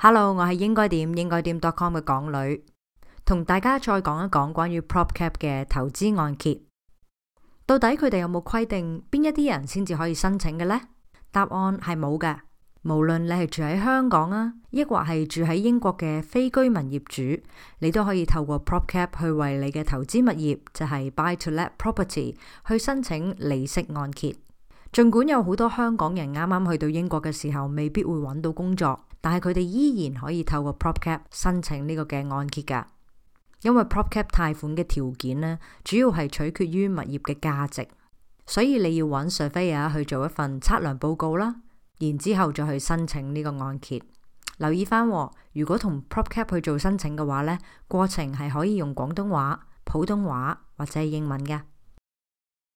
Hello，我係應該點應該點 .com 嘅港女，同大家再講一講關於 Prop Cap 嘅投資按揭，到底佢哋有冇規定邊一啲人先至可以申請嘅呢？答案係冇嘅。無論你係住喺香港啊，抑或係住喺英國嘅非居民業主，你都可以透過 Prop Cap 去為你嘅投資物業，就係 Buy to Let Property 去申請利息按揭。盡管有好多香港人啱啱去到英國嘅時候，未必會搵到工作。但係佢哋依然可以透過 PropCap 申請呢個嘅按揭噶，因為 PropCap 貸款嘅條件咧，主要係取決於物業嘅價值，所以你要揾 surveyor 去做一份測量報告啦，然之後再去申請呢個按揭。留意翻，如果同 PropCap 去做申請嘅話，呢過程係可以用廣東話、普通話或者係英文嘅。